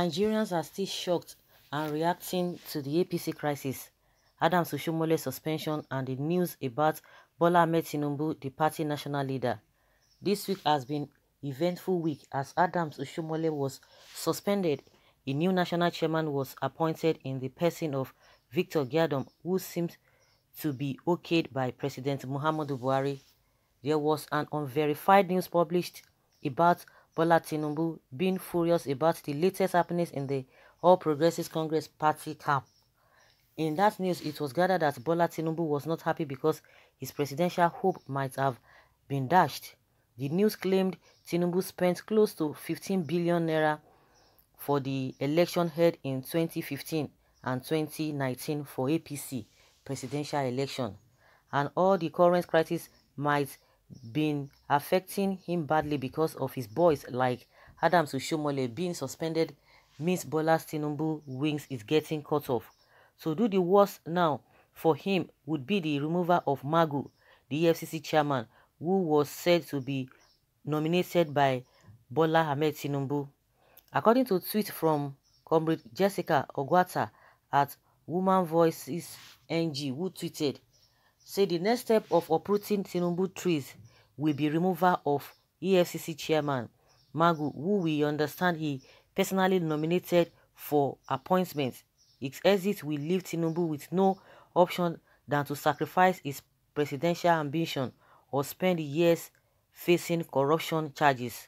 Nigerians are still shocked and reacting to the APC crisis, Adams Oshomole's suspension and the news about Bola Ahmed Tinubu, the party national leader. This week has been eventful week as Adams Oshomole was suspended. A new national chairman was appointed in the person of Victor Gyadom, who seemed to be okayed by President Muhammadu Buhari. There was an unverified news published about Bola Tinubu being furious about the latest happenings in the All Progressives Congress party camp. In that news, it was gathered that Bola Tinubu was not happy because his presidential hope might have been dashed. The news claimed Tinubu spent close to 15 billion naira for the election held in 2015 and 2019 for APC presidential election, and all the current crisis might been affecting him badly because of his boys like Adam Sushomole being suspended means Bola Tinubu wings is getting cut off. So do the worst now for him would be the removal of Magu, the FCC chairman, who was said to be nominated by Bola Ahmed Tinubu. According to a tweet from comrade Jessica Ogwata at Woman Voices NG, who tweeted, so the next step of uprooting Tinubu trees will be removal of EFCC chairman Magu, who we understand he personally nominated for appointment. Its exit will leave Tinubu with no option than to sacrifice his presidential ambition or spend years facing corruption charges.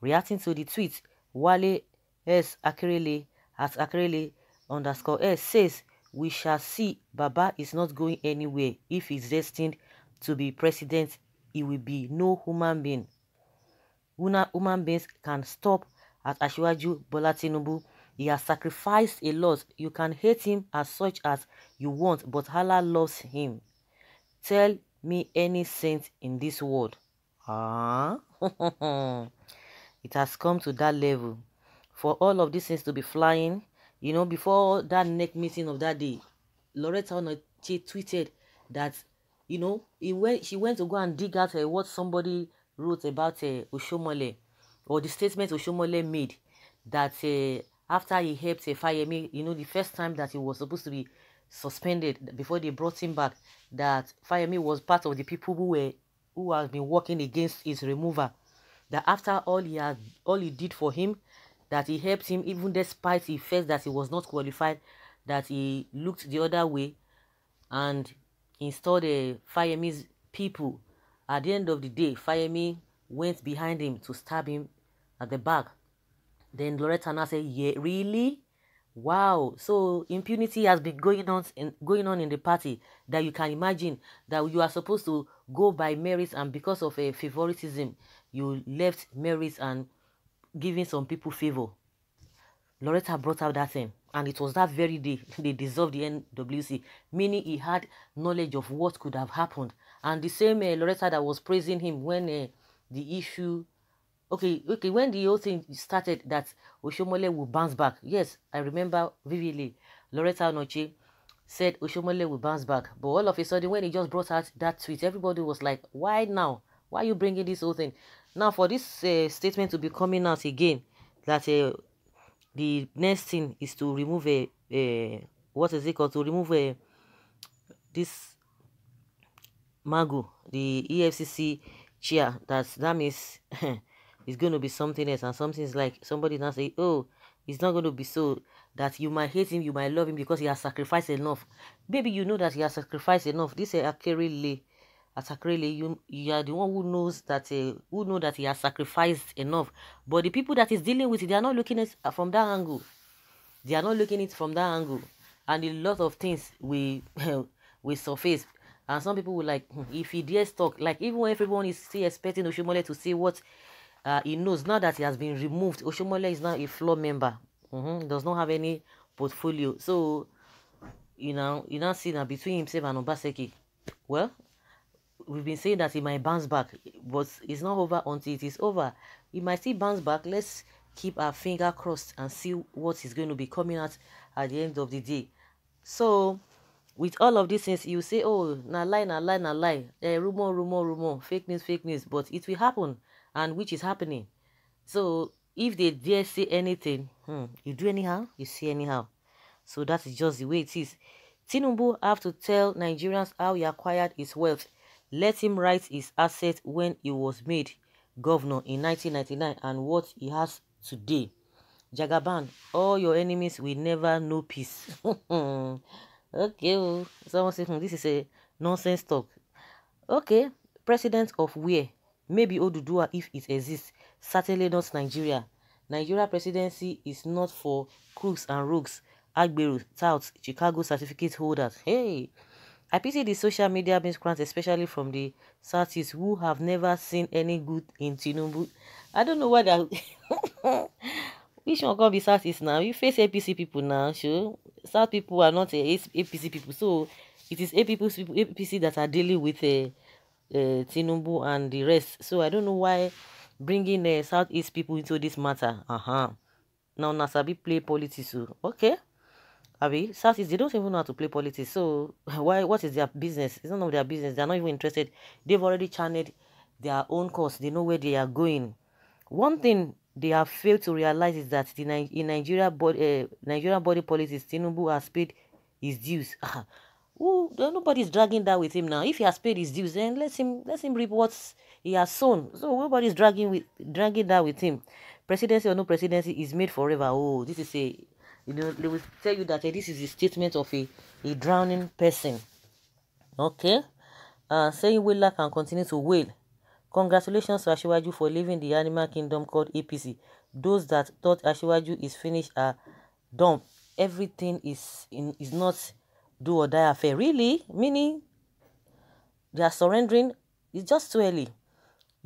Reacting to the tweet, Wale S. Akirele at Akirele underscore S says we shall see. Baba is not going anywhere. If he's destined to be president, he will be. No human being. Una human beings can stop at Ashwaju Bola Tinubu. He has sacrificed a lot. You can hate him as such as you want, but Allah loves him. Tell me any saint in this world. Ah, it has come to that level. For all of these things to be flying, you know, before that neck meeting of that day, Loretta Onoche tweeted that, you know, he went, she went to go and dig out uh, what somebody wrote about uh, Oshomole, or the statement Oshomole made that uh, after he helped uh, Fayemi, you know, the first time that he was supposed to be suspended before they brought him back, that Fayemi was part of the people who were who had been working against his removal. That after all he had all he did for him, that he helped him even despite he felt that he was not qualified, that he looked the other way and installed a uh, Fayemi's people. At the end of the day, Fayemi went behind him to stab him at the back. Then Loretana said, Yeah, really? Wow. So impunity has been going on in going on in the party that you can imagine that you are supposed to go by merits and because of a uh, favoritism, you left merits and giving some people favor. Loretta brought up that thing, and it was that very day they dissolved the NWC, meaning he had knowledge of what could have happened. And the same uh, Loretta that was praising him when uh, the issue, okay, okay, when the whole thing started that Oshomole will bounce back. Yes, I remember vividly. Loretta Noche said Oshomole will bounce back, but all of a sudden when he just brought out that tweet, everybody was like, "Why now? Why are you bringing this whole thing?" now for this uh, statement to be coming out again that uh, the next thing is to remove a, eh, what is it called to remove a, this mago the efcc chair that that means it's going to be something else and something's like somebody now say oh it's not going to be so that you might hate him you might love him because he has sacrificed enough Maybe you know that he has sacrificed enough this is a carry Atakrele, you you are the one who knows that uh, who know that he has sacrificed enough. But the people that is dealing with it, they are not looking at uh, from that angle. They are not looking it from that angle, and a lot of things we we surface. And some people will like hmm, if he dares talk, like even when everyone is still expecting Oshomole to see what uh, he knows now that he has been removed. Oshomole is now a floor member. Mm -hmm. Does not have any portfolio. So you know you now see that between himself and Obaseki. Well, we've been saying that it might bounce back, but it's not over until it is over. He might still bounce back. Let's keep our finger crossed and see what is going to be coming out at the end of the day. So, with all of these things, you say, oh, na lie, na lie, na lie, eh, rumor, rumor, rumor, fake news, fake news, but it will happen, and which is happening. So, if they dare say anything, hmm, you do anyhow, you see anyhow. So, that is just the way it is. Tinubu have to tell Nigerians how he acquired his wealth let him write his assets when he was made governor in 1999 and what he has today. Jagaban, all your enemies will never know peace. okay, oh, someone says hmm, this is a nonsense talk. Okay, president of where? Maybe Odudua if it exists. Certainly not Nigeria. Nigeria presidency is not for crooks and rogues, Agberu, touts, Chicago certificate holders. Hey, I pity the social media miscreants, especially from the Southeast, who have never seen any good in Tinubu. I don't know what that... Which one going be Southeast now? You face APC people now, sure. South people are not eh, a APC people. So it is APC, people, APC that are dealing with uh, uh, Tinubu and the rest. So I don't know why bringing the uh, Southeast people into this matter. Uh-huh. Now, Nasabi play politics. Oh. Okay. Abi, South they don't even know how to play politics. So why what is their business? It's none of their business. They're not even interested. They've already channeled their own course. They know where they are going. One thing they have failed to realize is that the in Nigeria body uh, eh, Nigeria body politics, Tinubu has paid his dues. Ooh, nobody's dragging that with him now. If he has paid his dues, then let him let him reap what he has sown. So nobody's dragging with dragging that with him. Presidency or no presidency is made forever. Oh, this is a you know they will tell you that hey, eh, this is a statement of a, a drowning person okay uh saying whaler can continue to wail congratulations to ashiwaju for leaving the animal kingdom called apc those that thought ashiwaju is finished are dumb everything is in is not do or die affair really meaning they are surrendering it's just too early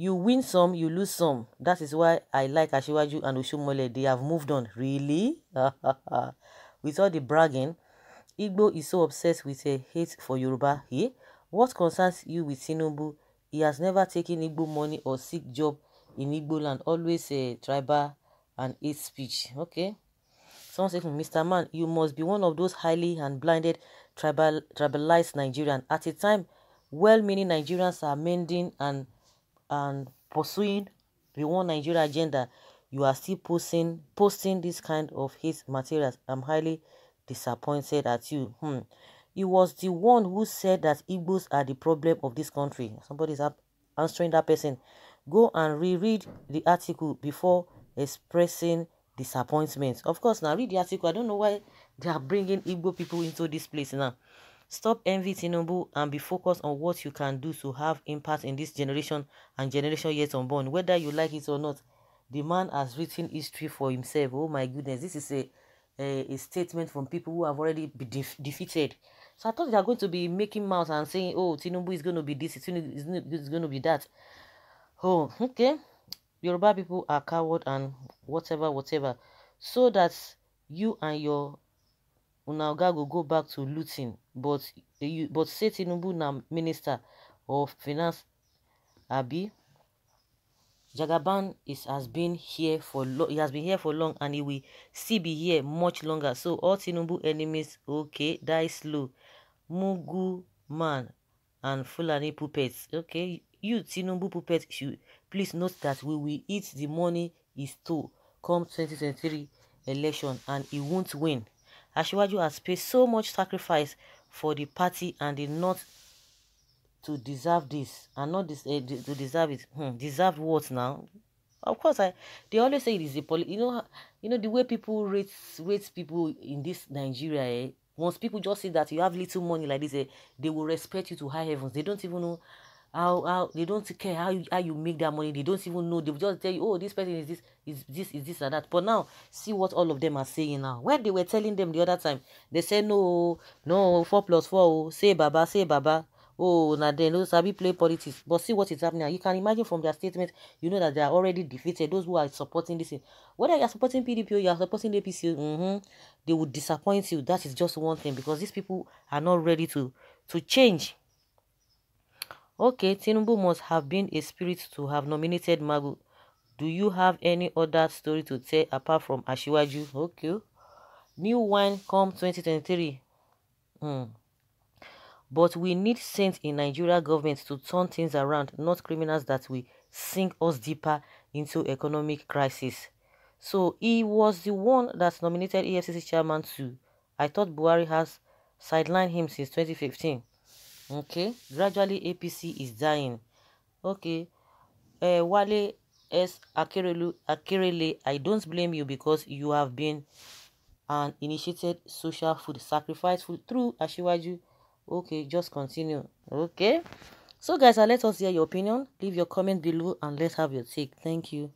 you win some, you lose some. That is why I like Ashiwaju and Oshomole. They have moved on. Really? with all the bragging, Igbo is so obsessed with a hate for Yoruba here. Eh? What concerns you with Sinobu? He has never taken Igbo money or seek job in Igbo land. Always a tribal and hate speech. Okay. Someone said, hmm, Mr. Man, you must be one of those highly and blinded tribal, tribalized Nigerians. At a time, well-meaning Nigerians are mending and and pursuing the one Nigeria agenda, you are still posting posting this kind of hate materials. I'm highly disappointed at you. Hmm. It was the one who said that Igbos are the problem of this country. Somebody's up answering that person. Go and reread the article before expressing disappointment. Of course, now read the article. I don't know why they are bringing Igbo people into this place now. Stop envy Tinubu and be focused on what you can do to have impact in this generation and generation yet unborn. Whether you like it or not, the man has written history for himself. Oh my goodness, this is a, a, a statement from people who have already been def defeated. So I thought they are going to be making mouth and saying, oh, Tinubu is going to be this, Tinubu is going to be that. Oh, okay. Yoruba people are coward and whatever, whatever. So that you and your Unaga go go back to looting, but you, but say Tinubu na minister of finance, Abi. Jagaban is has been here for long he has been here for long and he will still be here much longer. So all Tinubu enemies, okay, die slow. Mugu man and Fulani puppets. Okay, you Tinubu puppets should please note that we will eat the money is to come 2023 election and he won't win. Ashwaju has paid so much sacrifice for the party and did not to deserve this and not this uh, eh, to deserve it. Hmm, deserve what now? Of course, I. They always say it is a poli. You know, you know the way people rate rate people in this Nigeria. Eh? Once people just see that you have little money like this, eh, they will respect you to high heavens. They don't even know how how they don't care how you, how you make that money they don't even know they just tell you oh this person is this is this is this and that but now see what all of them are saying now when they were telling them the other time they say no no four plus four oh, say baba say baba oh now they know sabi play politics but see what is happening you can imagine from their statement you know that they are already defeated those who are supporting this whether you are supporting pdp or you are supporting the apc mm -hmm, they will disappoint you that is just one thing because these people are not ready to to change Okay, Tinubu must have been a spirit to have nominated Magu. Do you have any other story to tell apart from Ashiwaju? Okay. New wine come 2023. Hmm. But we need saints in Nigeria government to turn things around, not criminals that will sink us deeper into economic crisis. So he was the one that nominated EFCC chairman too. I thought Buhari has sidelined him since 2015. Okay, gradually APC is dying. Okay, uh, Wale S. Akerelu, Akerele, I don't blame you because you have been an initiated social food sacrifice food through Ashiwaju. Okay, just continue. Okay. So guys, uh, let us hear your opinion. Leave your comment below and let's have your take. Thank you.